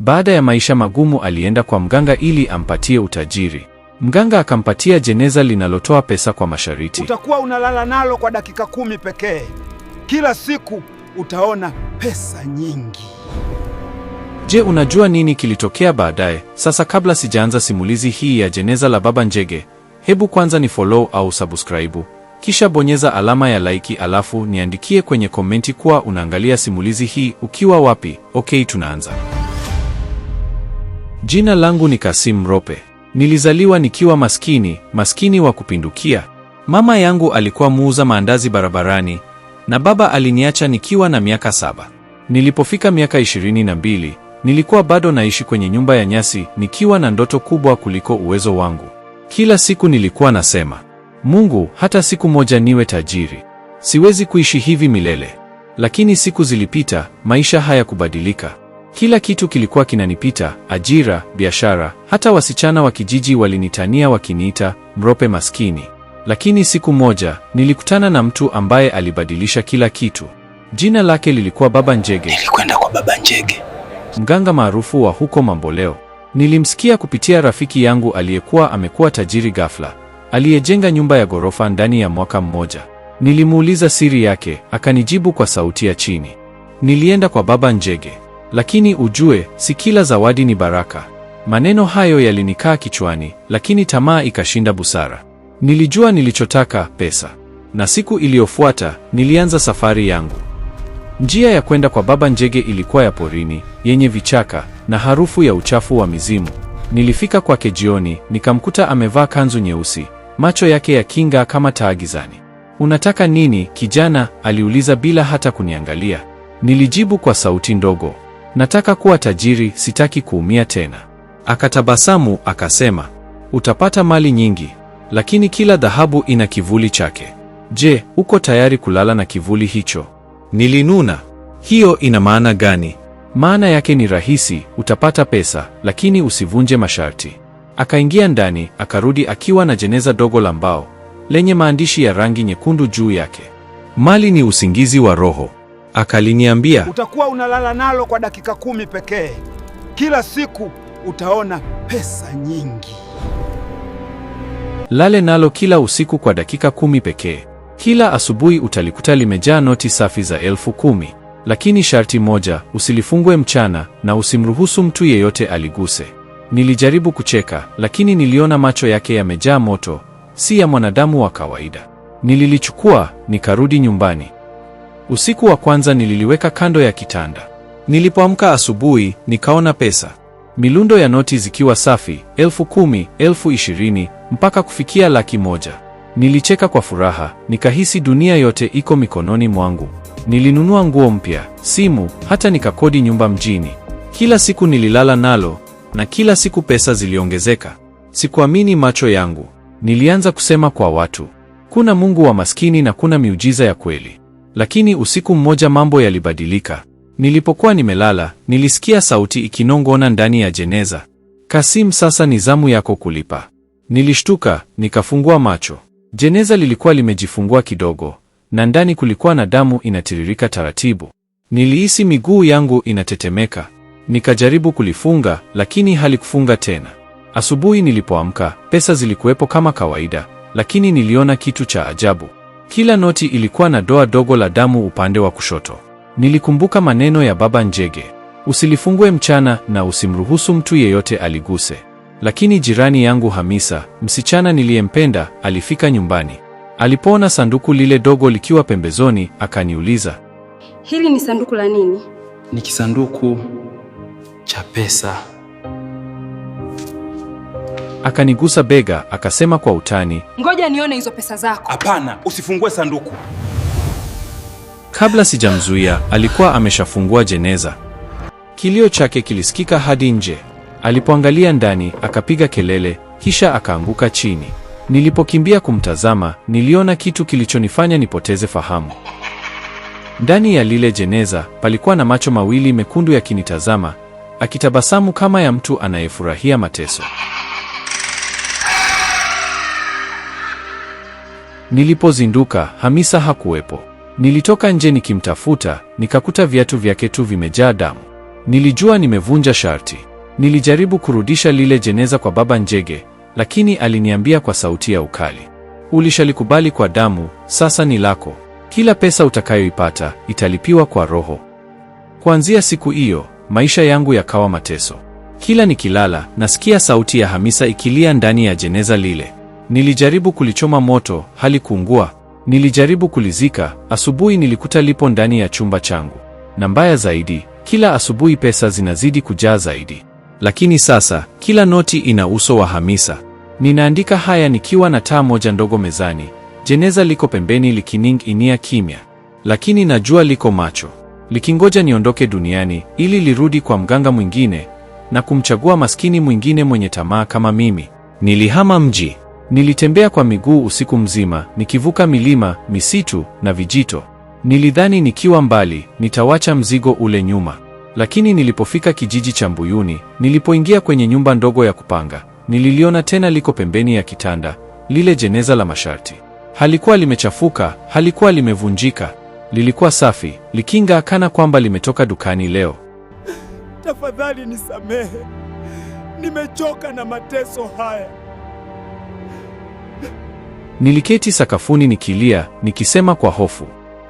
Baada ya maisha magumu, alienda kwa mganga ili ampatie utajiri. Mganga akampatia jeneza linalotoa pesa kwa masharti, utakuwa unalala nalo kwa dakika kumi pekee kila siku, utaona pesa nyingi. Je, unajua nini kilitokea baadaye? Sasa kabla sijaanza simulizi hii ya jeneza la Baba Njege, hebu kwanza ni follow au subscribe, kisha bonyeza alama ya laiki, alafu niandikie kwenye komenti kuwa unaangalia simulizi hii ukiwa wapi. Okay, tunaanza. Jina langu ni Kasim Rope. Nilizaliwa nikiwa maskini, maskini wa kupindukia. Mama yangu alikuwa muuza maandazi barabarani na baba aliniacha nikiwa na miaka saba. Nilipofika miaka ishirini na mbili, nilikuwa bado naishi kwenye nyumba ya nyasi nikiwa na ndoto kubwa kuliko uwezo wangu. Kila siku nilikuwa nasema, Mungu, hata siku moja niwe tajiri. Siwezi kuishi hivi milele. Lakini siku zilipita, maisha hayakubadilika. Kila kitu kilikuwa kinanipita: ajira, biashara, hata wasichana wa kijiji walinitania wakiniita mrope maskini. Lakini siku moja nilikutana na mtu ambaye alibadilisha kila kitu. Jina lake lilikuwa Baba Njege. Nilikwenda kwa Baba Njege, mganga maarufu wa huko Mamboleo. Nilimsikia kupitia rafiki yangu aliyekuwa amekuwa tajiri ghafla, aliyejenga nyumba ya ghorofa ndani ya mwaka mmoja. Nilimuuliza siri yake, akanijibu kwa sauti ya chini, nilienda kwa Baba Njege. Lakini ujue, si kila zawadi ni baraka. Maneno hayo yalinikaa kichwani, lakini tamaa ikashinda busara. Nilijua nilichotaka, pesa. Na siku iliyofuata nilianza safari yangu. Njia ya kwenda kwa Baba Njege ilikuwa ya porini, yenye vichaka na harufu ya uchafu wa mizimu. Nilifika kwake jioni, nikamkuta amevaa kanzu nyeusi, macho yake ya kinga kama taa gizani. Unataka nini kijana? aliuliza bila hata kuniangalia. Nilijibu kwa sauti ndogo. Nataka kuwa tajiri, sitaki kuumia tena. Akatabasamu akasema, utapata mali nyingi, lakini kila dhahabu ina kivuli chake. Je, uko tayari kulala na kivuli hicho? Nilinuna. Hiyo ina maana gani? Maana yake ni rahisi, utapata pesa, lakini usivunje masharti. Akaingia ndani, akarudi akiwa na jeneza dogo la mbao lenye maandishi ya rangi nyekundu juu yake. Mali ni usingizi wa roho. Akaliniambia, utakuwa unalala nalo kwa dakika kumi pekee. Kila siku utaona pesa nyingi. Lale nalo kila usiku kwa dakika kumi pekee. Kila asubuhi utalikuta limejaa noti safi za elfu kumi, lakini sharti moja, usilifungwe mchana na usimruhusu mtu yeyote aliguse. Nilijaribu kucheka, lakini niliona macho yake yamejaa moto, si ya mwanadamu wa kawaida. Nililichukua nikarudi nyumbani. Usiku wa kwanza nililiweka kando ya kitanda. Nilipoamka asubuhi, nikaona pesa, milundo ya noti zikiwa safi, elfu kumi, elfu ishirini mpaka kufikia laki moja. Nilicheka kwa furaha, nikahisi dunia yote iko mikononi mwangu. Nilinunua nguo mpya, simu, hata nikakodi nyumba mjini. Kila siku nililala nalo, na kila siku pesa ziliongezeka. Sikuamini macho yangu. Nilianza kusema kwa watu, kuna Mungu wa maskini na kuna miujiza ya kweli. Lakini usiku mmoja mambo yalibadilika. Nilipokuwa nimelala, nilisikia sauti ikinong'ona ndani ya jeneza, Kasim, sasa ni zamu yako kulipa. Nilishtuka, nikafungua macho. Jeneza lilikuwa limejifungua kidogo, na ndani kulikuwa na damu inatiririka taratibu. Nilihisi miguu yangu inatetemeka. Nikajaribu kulifunga, lakini halikufunga tena. Asubuhi nilipoamka, pesa zilikuwepo kama kawaida, lakini niliona kitu cha ajabu. Kila noti ilikuwa na doa dogo la damu upande wa kushoto. Nilikumbuka maneno ya Baba Njege, usilifungue mchana na usimruhusu mtu yeyote aliguse. Lakini jirani yangu Hamisa, msichana niliyempenda, alifika nyumbani. Alipoona sanduku lile dogo likiwa pembezoni, akaniuliza, hili ni sanduku la nini? Ni kisanduku cha pesa. Akanigusa bega, akasema kwa utani, ngoja nione hizo pesa zako. Hapana, usifungue sanduku. Kabla sijamzuia, alikuwa ameshafungua jeneza. Kilio chake kilisikika hadi nje. Alipoangalia ndani, akapiga kelele, kisha akaanguka chini. Nilipokimbia kumtazama, niliona kitu kilichonifanya nipoteze fahamu. Ndani ya lile jeneza palikuwa na macho mawili mekundu yakinitazama, akitabasamu kama ya mtu anayefurahia mateso. Nilipozinduka Hamisa hakuwepo. Nilitoka nje nikimtafuta, nikakuta viatu vyake tu vimejaa damu. Nilijua nimevunja sharti. Nilijaribu kurudisha lile jeneza kwa Baba Njege, lakini aliniambia kwa sauti ya ukali, ulishalikubali kwa damu, sasa ni lako. Kila pesa utakayoipata italipiwa kwa roho. Kuanzia siku hiyo maisha yangu yakawa mateso. Kila nikilala nasikia sauti ya Hamisa ikilia ndani ya jeneza lile. Nilijaribu kulichoma moto, halikuungua. Nilijaribu kulizika, asubuhi nilikuta lipo ndani ya chumba changu. Na mbaya zaidi, kila asubuhi pesa zinazidi kujaa zaidi. Lakini sasa kila noti ina uso wa Hamisa. Ninaandika haya nikiwa na taa moja ndogo mezani. Jeneza liko pembeni likining'inia kimya, lakini najua liko macho, likingoja niondoke duniani ili lirudi kwa mganga mwingine na kumchagua maskini mwingine mwenye tamaa kama mimi. Nilihama mji. Nilitembea kwa miguu usiku mzima, nikivuka milima, misitu na vijito. Nilidhani nikiwa mbali, nitawacha mzigo ule nyuma. Lakini nilipofika kijiji cha Mbuyuni, nilipoingia kwenye nyumba ndogo ya kupanga, nililiona tena liko pembeni ya kitanda, lile jeneza la masharti. Halikuwa limechafuka, halikuwa limevunjika. Lilikuwa safi, likinga kana kwamba limetoka dukani leo. Tafadhali nisamehe. Nimechoka na mateso haya. Niliketi sakafuni nikilia, nikisema kwa hofu,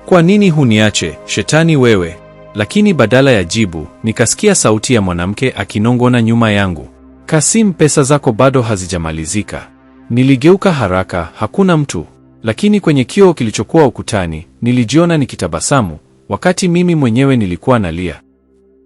kwa nini huniache shetani wewe? Lakini badala ya jibu, nikasikia sauti ya mwanamke akinong'ona nyuma yangu, Kasim, pesa zako bado hazijamalizika. Niligeuka haraka, hakuna mtu, lakini kwenye kioo kilichokuwa ukutani nilijiona nikitabasamu, wakati mimi mwenyewe nilikuwa nalia.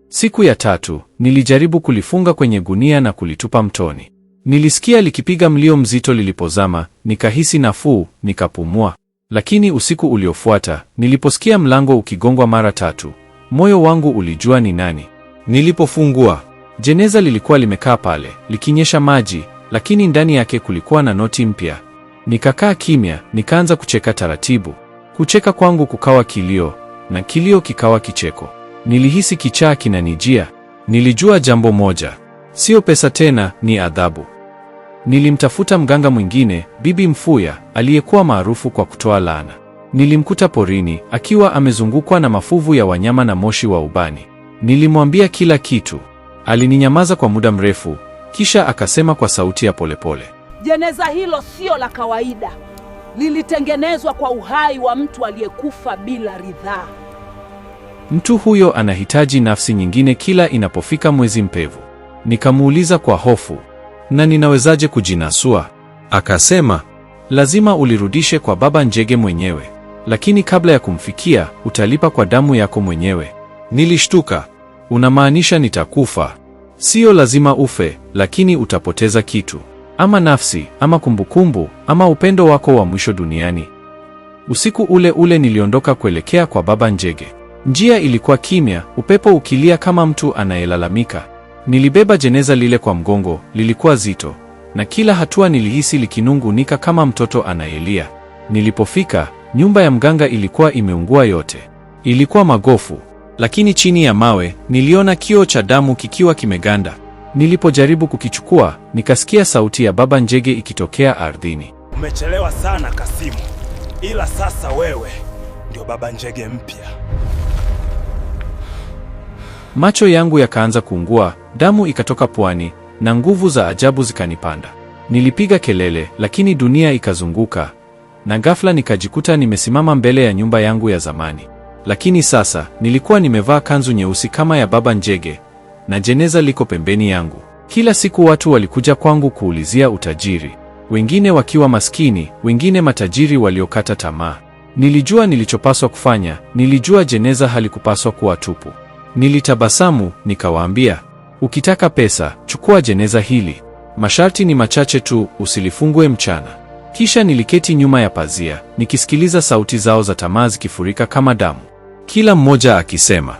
Siku ya tatu nilijaribu kulifunga kwenye gunia na kulitupa mtoni. Nilisikia likipiga mlio mzito lilipozama, nikahisi nafuu, nikapumua. Lakini usiku uliofuata, niliposikia mlango ukigongwa mara tatu, moyo wangu ulijua ni nani. Nilipofungua, jeneza lilikuwa limekaa pale, likinyesha maji, lakini ndani yake kulikuwa na noti mpya. Nikakaa kimya, nikaanza kucheka taratibu. Kucheka kwangu kukawa kilio, na kilio kikawa kicheko. Nilihisi kichaa kinanijia. Nilijua jambo moja, sio pesa tena, ni adhabu. Nilimtafuta mganga mwingine, Bibi Mfuya, aliyekuwa maarufu kwa kutoa laana. Nilimkuta porini akiwa amezungukwa na mafuvu ya wanyama na moshi wa ubani. Nilimwambia kila kitu. Alininyamaza kwa muda mrefu, kisha akasema kwa sauti ya polepole, jeneza hilo sio la kawaida, lilitengenezwa kwa uhai wa mtu aliyekufa bila ridhaa. Mtu huyo anahitaji nafsi nyingine kila inapofika mwezi mpevu. Nikamuuliza kwa hofu, na ninawezaje kujinasua? Akasema, lazima ulirudishe kwa Baba Njege mwenyewe, lakini kabla ya kumfikia utalipa kwa damu yako mwenyewe. Nilishtuka. Unamaanisha nitakufa? Siyo lazima ufe, lakini utapoteza kitu, ama nafsi, ama kumbukumbu, ama upendo wako wa mwisho duniani. Usiku ule ule niliondoka kuelekea kwa Baba Njege. Njia ilikuwa kimya, upepo ukilia kama mtu anayelalamika. Nilibeba jeneza lile kwa mgongo, lilikuwa zito na kila hatua nilihisi likinungunika kama mtoto anayelia. Nilipofika, nyumba ya mganga ilikuwa imeungua yote. Ilikuwa magofu, lakini chini ya mawe niliona kio cha damu kikiwa kimeganda. Nilipojaribu kukichukua, nikasikia sauti ya Baba Njege ikitokea ardhini. Umechelewa sana Kasimu, ila sasa wewe ndio Baba Njege mpya. Macho yangu yakaanza kuungua, Damu ikatoka puani na nguvu za ajabu zikanipanda. Nilipiga kelele, lakini dunia ikazunguka, na ghafla nikajikuta nimesimama mbele ya nyumba yangu ya zamani. Lakini sasa nilikuwa nimevaa kanzu nyeusi kama ya Baba Njege na jeneza liko pembeni yangu. Kila siku watu walikuja kwangu kuulizia utajiri, wengine wakiwa maskini, wengine matajiri waliokata tamaa. Nilijua nilichopaswa kufanya, nilijua jeneza halikupaswa kuwa tupu. Nilitabasamu nikawaambia, Ukitaka pesa, chukua jeneza hili. Masharti ni machache tu, usilifungue mchana. Kisha niliketi nyuma ya pazia nikisikiliza sauti zao za tamaa zikifurika kama damu, kila mmoja akisema,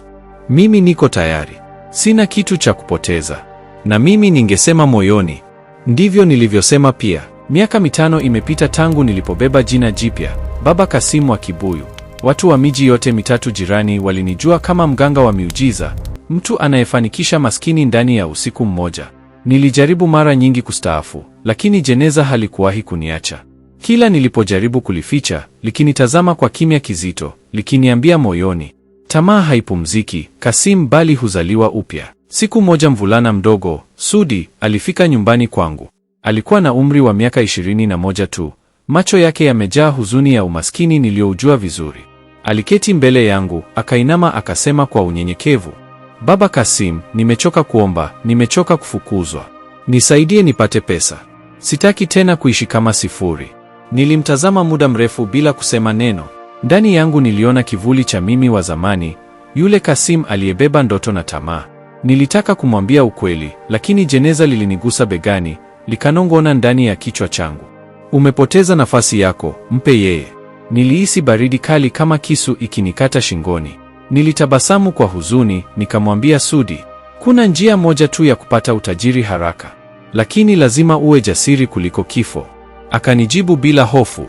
mimi niko tayari, sina kitu cha kupoteza. Na mimi ningesema moyoni, ndivyo nilivyosema pia. Miaka mitano imepita tangu nilipobeba jina jipya, Baba Kasimu wa Kibuyu. Watu wa miji yote mitatu jirani walinijua kama mganga wa miujiza, mtu anayefanikisha maskini ndani ya usiku mmoja. Nilijaribu mara nyingi kustaafu, lakini jeneza halikuwahi kuniacha. Kila nilipojaribu kulificha, likinitazama kwa kimya kizito, likiniambia moyoni, tamaa haipumziki, Kasim bali huzaliwa upya. Siku moja mvulana mdogo, Sudi, alifika nyumbani kwangu. Alikuwa na umri wa miaka ishirini na moja tu, macho yake yamejaa huzuni ya umaskini niliyoujua vizuri. Aliketi mbele yangu, akainama akasema kwa unyenyekevu, Baba Kasim, nimechoka kuomba, nimechoka kufukuzwa. Nisaidie nipate pesa. Sitaki tena kuishi kama sifuri. Nilimtazama muda mrefu bila kusema neno. Ndani yangu niliona kivuli cha mimi wa zamani, yule Kasim aliyebeba ndoto na tamaa. Nilitaka kumwambia ukweli, lakini jeneza lilinigusa begani, likanong'ona ndani ya kichwa changu. Umepoteza nafasi yako, mpe yeye. Nilihisi baridi kali kama kisu ikinikata shingoni. Nilitabasamu kwa huzuni, nikamwambia Sudi, kuna njia moja tu ya kupata utajiri haraka, lakini lazima uwe jasiri kuliko kifo. Akanijibu bila hofu,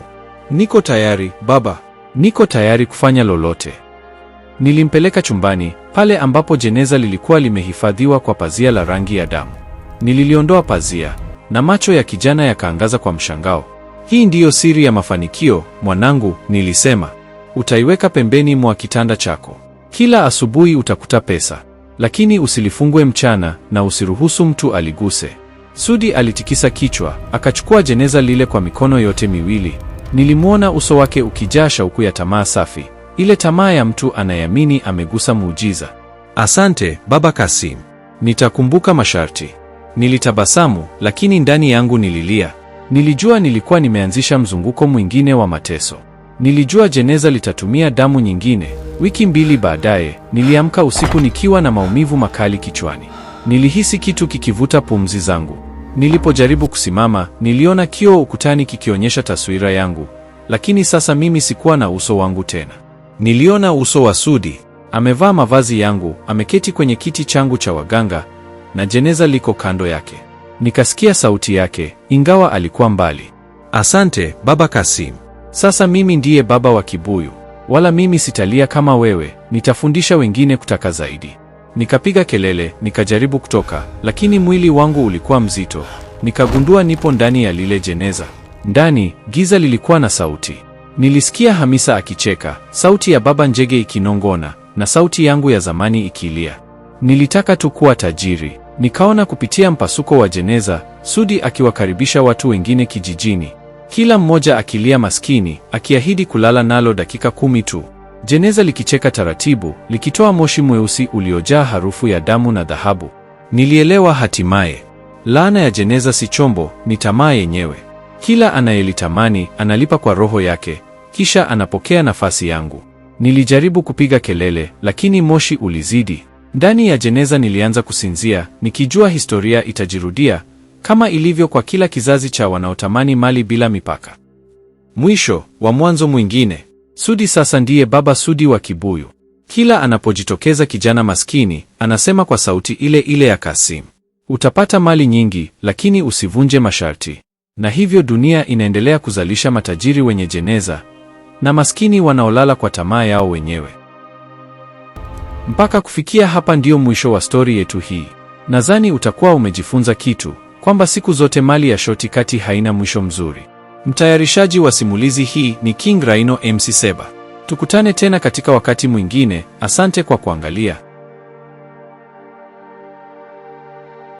niko tayari baba, niko tayari kufanya lolote. Nilimpeleka chumbani pale ambapo jeneza lilikuwa limehifadhiwa kwa pazia la rangi ya damu. Nililiondoa pazia na macho ya kijana yakaangaza kwa mshangao. Hii ndiyo siri ya mafanikio, mwanangu, nilisema. Utaiweka pembeni mwa kitanda chako. Kila asubuhi utakuta pesa, lakini usilifungue mchana na usiruhusu mtu aliguse. Sudi alitikisa kichwa, akachukua jeneza lile kwa mikono yote miwili. Nilimwona uso wake ukijaa shauku ya tamaa safi, ile tamaa ya mtu anayeamini amegusa muujiza. Asante Baba Kasim, nitakumbuka masharti. Nilitabasamu, lakini ndani yangu nililia. Nilijua nilikuwa nimeanzisha mzunguko mwingine wa mateso. Nilijua jeneza litatumia damu nyingine. Wiki mbili baadaye, niliamka usiku nikiwa na maumivu makali kichwani. Nilihisi kitu kikivuta pumzi zangu. Nilipojaribu kusimama, niliona kioo ukutani kikionyesha taswira yangu, lakini sasa mimi sikuwa na uso wangu tena. Niliona uso wa Sudi. Amevaa mavazi yangu, ameketi kwenye kiti changu cha waganga na jeneza liko kando yake. Nikasikia sauti yake ingawa alikuwa mbali. Asante Baba Kasim. Sasa mimi ndiye baba wa kibuyu, wala mimi sitalia kama wewe, nitafundisha wengine kutaka zaidi. Nikapiga kelele, nikajaribu kutoka, lakini mwili wangu ulikuwa mzito. Nikagundua nipo ndani ya lile jeneza. Ndani giza lilikuwa na sauti. Nilisikia Hamisa akicheka, sauti ya baba Njege ikinongona na sauti yangu ya zamani ikilia. Nilitaka tu kuwa tajiri. Nikaona kupitia mpasuko wa jeneza, Sudi akiwakaribisha watu wengine kijijini, kila mmoja akilia maskini, akiahidi kulala nalo dakika kumi tu. Jeneza likicheka taratibu, likitoa moshi mweusi uliojaa harufu ya damu na dhahabu. Nilielewa hatimaye, laana ya jeneza si chombo, ni tamaa yenyewe. Kila anayelitamani analipa kwa roho yake, kisha anapokea nafasi yangu. Nilijaribu kupiga kelele, lakini moshi ulizidi. Ndani ya jeneza nilianza kusinzia, nikijua historia itajirudia kama ilivyo kwa kila kizazi cha wanaotamani mali bila mipaka. Mwisho wa mwanzo mwingine. Sudi sasa ndiye Baba Sudi wa Kibuyu. Kila anapojitokeza kijana maskini, anasema kwa sauti ile ile ya Kasim, utapata mali nyingi, lakini usivunje masharti. Na hivyo dunia inaendelea kuzalisha matajiri wenye jeneza na maskini wanaolala kwa tamaa yao wenyewe. Mpaka kufikia hapa ndio mwisho wa stori yetu hii. Nadhani utakuwa umejifunza kitu, kwamba siku zote mali ya shoti kati haina mwisho mzuri. Mtayarishaji wa simulizi hii ni King Rhino MC Seba. Tukutane tena katika wakati mwingine. Asante kwa kuangalia.